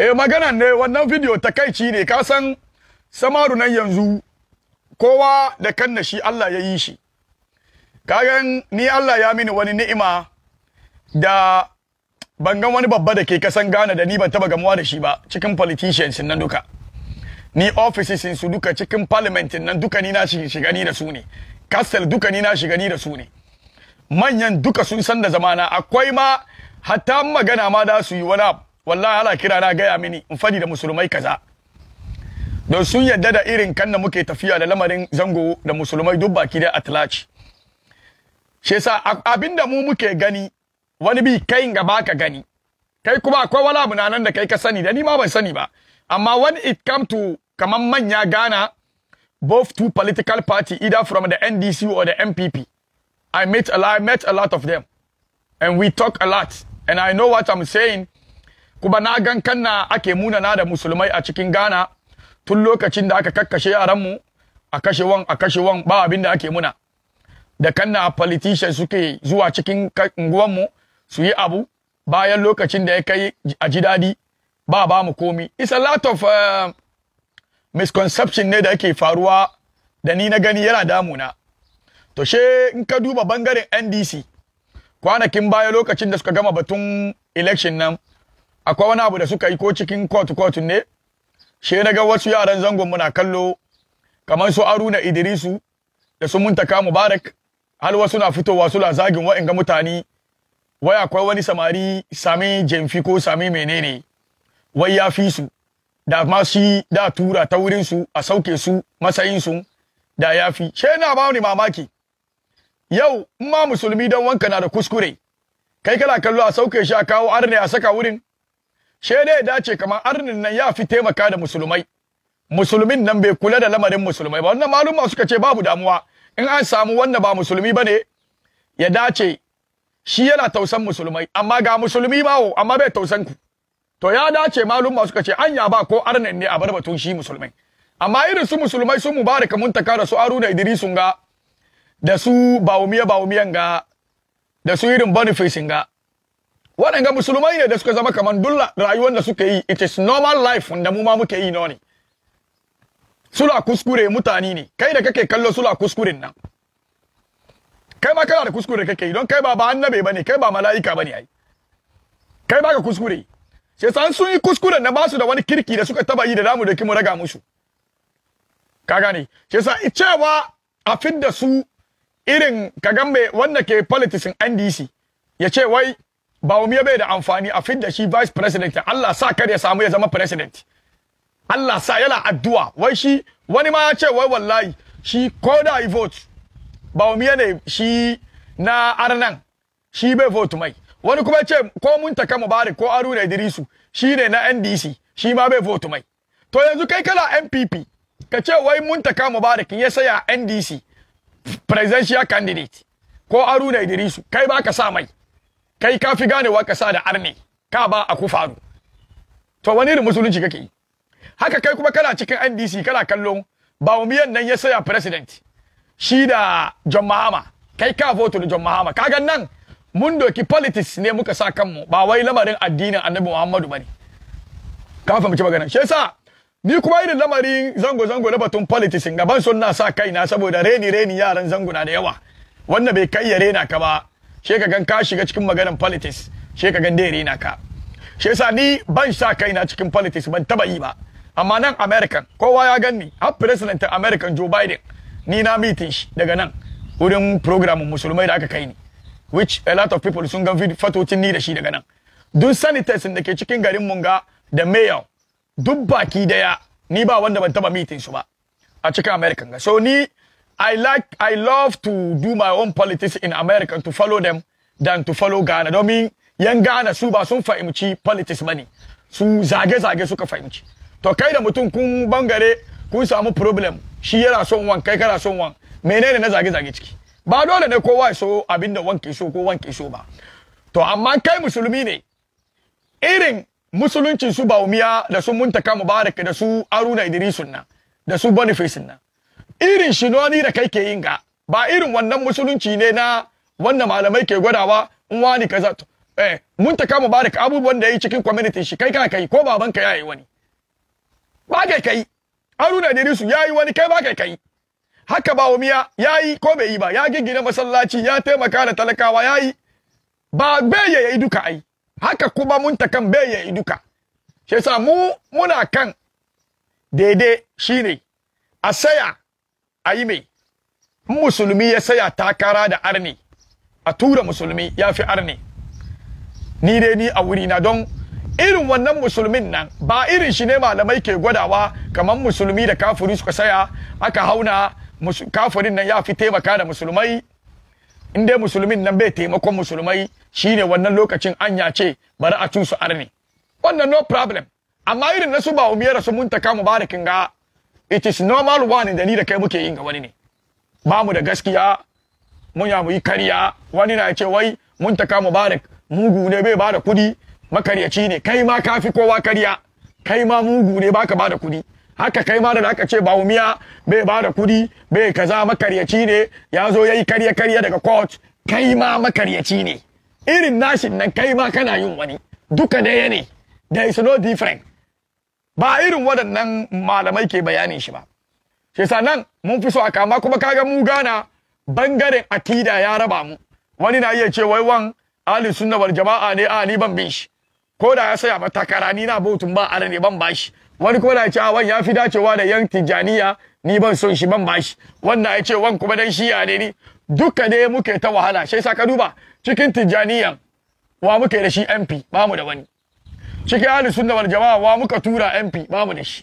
eh magana ne wannan video takaici ne ka san samaru nan yanzu kowa da kan shi Allah ya yi shi kagan ni Allah ya mini wani ni'ima da ban ga wani babba da ke kasan Ghana da ni ban taba gamuwa da shi ba cikin politicians nan duka ni offices su duka cikin parliament nan duka ni na shiga ni da su ne castle duka ni na shiga ni da su ne manyan duka sun san da zamana akwai ma hatta magana ma da su yi wani abu wallahi ala kira na gaya mini in fadi da musulmai kaza don sun yadda da irin kan da muke tafiya da lamarin zango da musulmai duk baki da atlaci shi yasa abinda mu muke gani wani bi kai gaba ka gani kai kuma akwai wala mu da kai ka sani da ni ma ban sani ba amma when it come to kaman manya gana both two political party either from the NDC or the MPP I met a lot, I met a lot of them and we talk a lot and I know what I'm saying kuma na gan kanna ake munana da musulmai a cikin Ghana tun lokacin da aka kakkashe yaranmu a kashe wan a kashe wan ba abin da ake muna da kanna politician suke zuwa cikin unguwanmu su yi abu bayan lokacin da ya kai a ji daɗi ba ba mu komi it's a lot of uh, misconception ne da yake faruwa da ni na gani yana damuna to she in ka duba bangaren NDC kwanakin baya lokacin da suka gama batun election nan akwai wani abu da suka yi ko cikin court court ne she na ga wasu yaran zangon muna kallo kamar su Aruna Idrisu da su Muntaka Mubarak har wasu na fitowa suna zagin wa'anga mutane wai akwai wani samari sami jamfi ko sami menene wai ya fi su da ma shi da tura ta wurin su a sauke su matsayin su da ya fi she na ba ni mamaki yau in ma musulmi don wanka na da kuskure kai kana kallo a sauke shi a kawo arne a saka wurin she dai ya dace kamar arnin nan ya fi taimaka da musulmai musulmin nan bai kula da lamarin musulmai ba wannan maluma suka ce babu damuwa in an samu wanda ba musulmi bane ya dace shi yana tausan musulmai amma ga musulmi bawo amma bai tausan ku to ya dace maluma suka ce anya ba ko arnin ne a bar batun shi musulmai amma irin su musulmai su mubaraka muntaka da su Haruna idrisun ga da su bawumiya bawumiyan ga da su irin boniface ga waɗanga musulmai ne da suka zama kaman dulla rayuwar da suka yi it is normal life da mu ma muke yi no ne sula kuskure mutane ne kai da kake kallo sula kuskuren nan kai ma kana da kuskure kake yi don kai ba ba annabe bane kai ba mala'ika bane ai kai ba ka kuskure sai san sun yi kuskuren na basu da wani kirki da suka taba yi da damu da kimu raga musu ka gane sai sa cewa a fidda su irin ka gambe wanda ke politics NDC ya ce wai ba miya bai da amfani a fidda shi vice president Allah sa kar ya samu ya zama president Allah sa yana addu'a wai shi wani ma ya ce wai wallahi shi ko da i vote ba miya ne shi na arnan shi bai vote mai wani kuma ce ko mun taka mubarak ko aruna idrisu shi ne na ndc shi ma bai vote mai to yanzu kai kana npp ka ce wai mun taka mubarak ya saya ndc presidential candidate ko aruna idrisu kai ba ka sa mai kai ka fi ganewa ka sa da arni ka ba a kufaru to wani irin musulunci kake yi haka kai kuma kana cikin NDC kana kallon Bawumiyan nan ya saya president shi da John Mahama kai ka voto da John Mahama kaga nan mun doki politics ne muka sa kanmu ba wai lamarin addinin Annabi Muhammadu bane ka fahimci magana shi yasa ni kuma irin lamarin zango zango na batun politics gaban sun na sa kaina saboda reni reni yaran zango na da yawa wannan bai kai ya rena ka ba she ka gan ka shiga cikin maganar politics she ka gan dai rina ka shi yasa ni ban sa kai na cikin politics ban taba yi ba amma nan American kowa ya ni har president American Joe Biden ni na meeting shi daga nan wurin program musulmai da aka kai ni which a lot of people sun ga fatocin ni da shi daga nan duk senators da ke cikin garin munga da mayor duk baki daya ni ba wanda ban taba meeting su ba a cikin American ga so ni I like, I love to do my own politics in America to follow them than to follow Ghana. Domin yan Ghana su ba sun fahimci politics bane. Su zage-zage suka fahimci. To kai da mutum kun bangare kun samu problem shi yana son wan kai kana son wan menene na zage-zage ciki. Ba dole ne kowa ya so abin da wanke so ko wanke so ba. To amma kai musulmi ne irin musuluncin su Bawumiya da su Muntaka Mubarak da su Haruna idiri sunna da su Boniface na. irin shinoni da kai ke yin ga ba irin wannan musulunci ne na Wannan malamai ke gwadawa in wani kaza eh mun ta kama da abubuwan da yayi cikin community shi kai ka kai ko baban ka yayi wani ba kai kai Haruna Idrisu yayi wani kai ba kai kai haka ba umiya yayi ko bai yi ba ya gingina masallaci ya taimaka da talakawa yayi ba bai yayi duka ai haka kuma mun ta kan bai yayi duka shi sa mu muna kan daidai shine a saya Ayi me in musulmi ya saya takara da arni a tura musulmi ya fi arni ni dai ni a wuri na don irin wannan musulmin nan ba irin shi ne malamai ke gwadawa kamar musulmi da kafiri suka saya aka hauna kafirin nan ya fi taimaka da musulmai in dai musulmin nan bai taimakon musulmai shi ne wannan lokacin anya ce bari a cusu arni wannan no problem amma irin na su ba umiyar su mun ta kama barikin ga it is normal one da ni da kai muke yin ga wani ne ba mu da gaskiya mun ya mu yi kariya wani na ce wai mun taka mubarak mugu ne bai bada kudi makaryaci ne kai ma kafi kowa kariya kai ma mugu ne baka bada kudi haka kai ma da aka ce ba umiya bai bada kudi bai kaza makaryaci ne ya zo yayi kariya kariya daga court kai ma makaryaci ne irin nashin nan kai ma kana yin wani duka daya ne there is no different ba irin waɗannan malamai ke bayanin shi ba shi yasa mun fi so a kama kuma kaga mu gana bangaren akida ya raba mu wani na iya ce wai wan ahli sunna wal jama'a ne a ah, ni ban bin shi ko da ya saya ba takara ni na botun ba ara ne ban bashi wani kuma na ce a ah, wan ya fi dacewa da yan tijaniya ni ban son shi ban bashi wannan ya ce wan kuma dan shiya ne ni duka ne muke ta wahala shi yasa ka duba cikin tijaniyan wa muke da shi MP ba mu da wani cikin ahli sunna wal jama'a wa muka tura MP ba mu da shi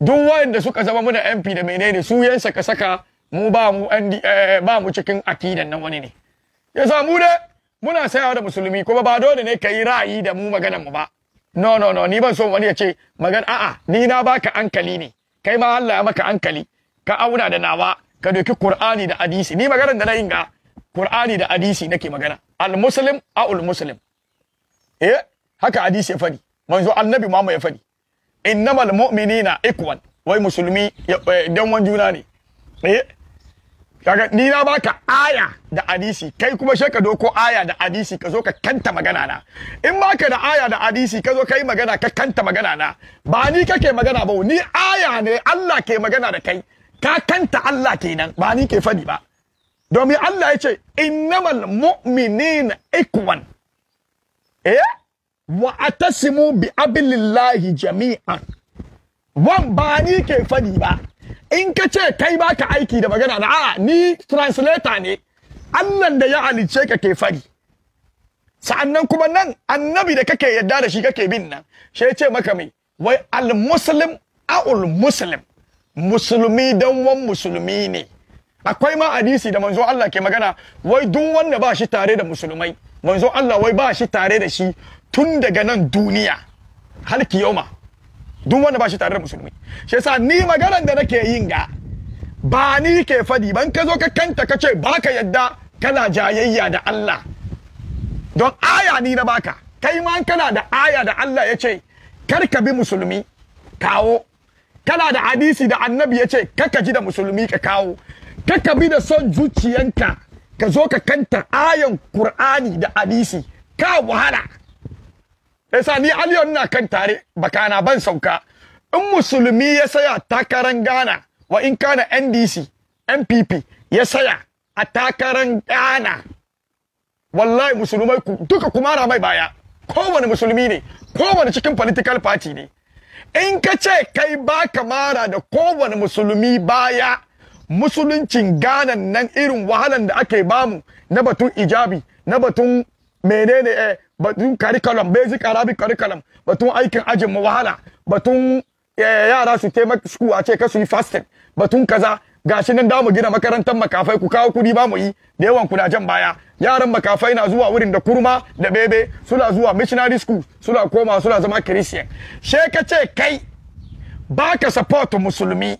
duk wanda suka zama muna MP da menene su yan saka saka mu ba mu eh, ba mu cikin akidan nan wani ne yasa mu ne muna sayawa da musulmi kuma ba dole ne kai ra'ayi da mu maganar mu ba no no no ni ban so wani ya ce magana a'a ni na baka hankali ne kai ma Allah ya maka hankali ka auna da nawa ka doki Qur'ani da hadisi ni maganar da na yin ga Qur'ani da hadisi nake magana al muslim a'ul muslim eh haka hadisi ya fadi manzo annabi ma ya faɗi innamal mu'minina ikwan wai musulmi dan wan juna ne eh kaga ni na baka aya da adisi kai kuma sai ka doko aya da adisi ka zo ka kanta magana na in baka da aya da adisi ka zo kai magana ka kanta magana na ba ni kake magana ba ni aya ne Allah ke magana da kai ka kanta Allah kenan ba ni ke fadi ba domin Allah ya ce innamal mu'minina ikwan eh wa atasimu bi abilillahi jami'an wan ba ni ke fadi ba in ka ce kai ba ka aiki da magana na a ni translator ne annan da ya alice ka ke fadi sa'annan kuma nan annabi da kake yadda da shi kake bin nan shi ce maka mai wai al muslim aul muslim musulmi dan wan musulmi ne akwai ma hadisi da manzo Allah ke magana wai duk wanda ba shi tare da musulmai manzo Allah wai ba shi tare da shi tun daga nan duniya har kiyoma duk wanda ba shi tare da musulmi shi yasa ni maganar da nake yin ga ba ni ke fadi ban ka zo ka kanta ka ce ba ka yadda kana jayayya da Allah don aya ni na baka kai ma kana da aya da Allah ya ce kar ka bi musulmi kawo kana da hadisi da annabi ya ce kaka ji da musulmi ka kawo kaka bi da son zuciyanka ka zo ka kanta ayan Kur'ani da hadisi ka wahala yasa ni aliyu na kan tare bakana ban sauka in musulmi ya saya takarar Ghana wa in kana NDC MPP ya saya a takaran Ghana wallahi musulmai ku duka kumara mai baya kowane musulmi ne kowane cikin political party ne in ka ce kai ba mara da kowane musulmi baya musuluncin Ghana nan irin wahalan da ake bamu na batun ijabi na batun menene eh batun curriculum basic arabic curriculum batun aikin ajin mu wahala batun eh, yara su taimaka school a ce ka su yi fasting batun kaza gashi nan da mu gina makarantar makafai ku kawo kudi ba mu yi da yawan kuna jan baya yaran makafai na zuwa wurin da kurma da bebe suna zuwa missionary school suna koma suna zama christian she ka ce kai baka support musulmi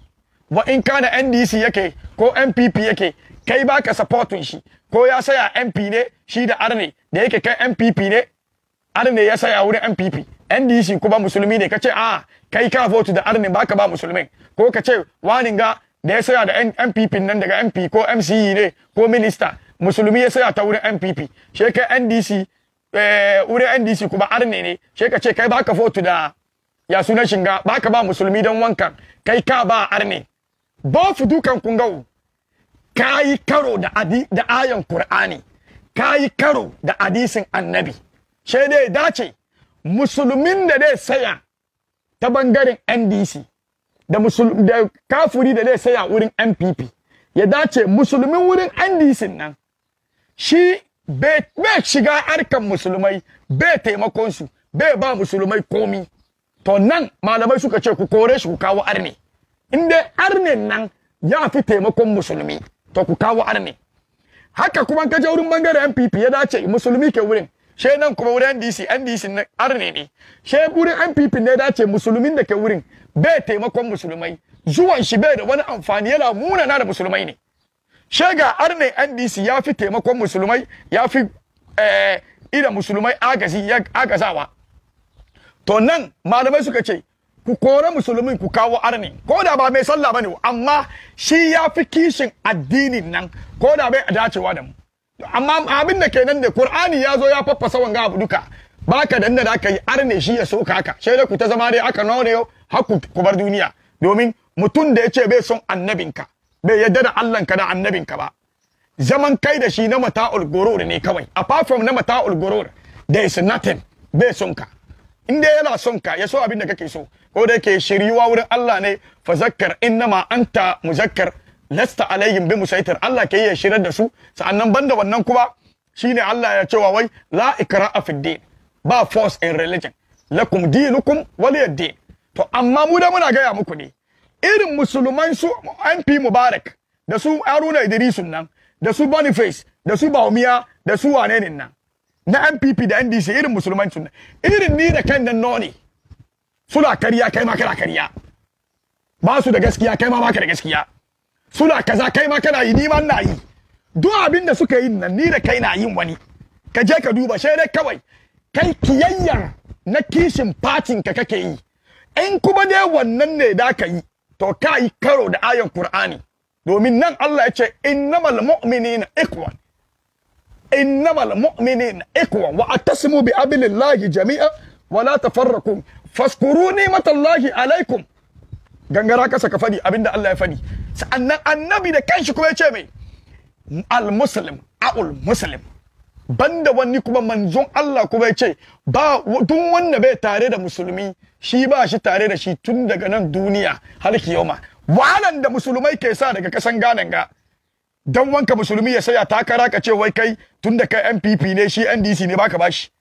wa in kana ndc yake ko mpp yake kai baka supportin shi ko ya saya mp ne shi da arne da yake kai MPP ne arne ya saya wurin MPP NDC kuma musulmi ne kace a ah, kai ka vote da arne baka ba musulmi ko kace wani ga da ya saya da MPP nan daga MP ko MCE ne ko minister musulmi ya saya ta wurin MPP she kai NDC eh wurin NDC kuma arne ne she kace kai baka vote da ya suna shinga baka ba musulmi dan wankan kai ka ba arne bofu dukan kun ga kayi karo da adi da ayan Qur'ani ka yi karo da hadisin annabi she dai dace musulmin da dai saya ta bangaren ndc da, kafuri da dai saya wurin npp ya dace musulmin wurin ndc nan shi bai shiga harkan musulmai bai taimakonsu bai ba musulmai komi to nan malamai suka ce ku kore shi ku kawo arne inda dai arne nan ya fi taimakon musulmi to ku kawo arne haka kuma ka je wurin bangaren MPP ya dace musulmi ke wurin she nan kuma wurin NDC NDC na arne ne she wurin MPP ne dace musulmin da ke wurin bai taimakon musulmai zuwan shi bai da wani amfani yana munana da musulmai ne she ga arne NDC ya fi taimakon musulmai ya fi eh musulmai agazi ya agazawa to nan malamai suka ce ku kore musulmi ku kawo arni ko da ba mai sallah bane amma shi ya fi kishin addinin nan ko da bai dacewa da mu amma abin da kenan da Qur'ani ya zo ya faffasa wanga abu duka baka danna da kai yi arne shi ya soka haka sai da ku ta zama dai aka nore yau Haku ku bar duniya domin mutum da yace bai son annabinka bai yadda da Allah ka da annabinka ba zaman kai da shi na mata'ul gurur ne kawai apart from na mata'ul gurur there is nothing bai son ka in dai yana son ka ya so abin da kake so ko da yake shiryuwa wurin Allah ne fa zakkar innama anta muzakkar lasta alayhim bi musaitir Allah ke ya shirar da su sa'annan banda wannan kuma shine Allah ya cewa wai la ikra'a fid din ba force in religion lakum dinukum waliyad to amma mu da muna gaya muku ne irin musulman su MP Mubarak da su Haruna Idris nan da su Boniface da su Baumiya da su wane nan na MPP da NDC irin musulmancin irin ni da kan nan noni suna kariya kai ma kana kariya ba su da gaskiya kai ma ka da gaskiya suna kaza kai ma kana yi ni ma na yi duk abin da suka yi nan ni da kai na yin wani ka je ka duba sai dai kawai kai kiyayyar na kishin fatin ka kake yi in kuma dai wannan ne da ka yi to ka yi karo da ayan Qur'ani domin nan Allah ya ce innamal mu'minina ikwa innamal mu'minina ikwa wa atasimu bi abilillahi jami'a wala la tafarraqu faskuru matallahi alaikum gangara kasa ka fadi abinda Allah ya fadi sa'annan annabi da kanshi kuma ya ce mai al muslim aul muslim banda wani kuma manzon Allah kuma ya ce ba duk wanda bai tare da musulmi shi ba shi tare da shi tun daga nan duniya har kiyama wahalan da musulmai ke sa daga kasan ganan ga dan wanka musulmi ya saya takara ka ce wai kai tun da kai MPP ne shi NDC ne baka bashi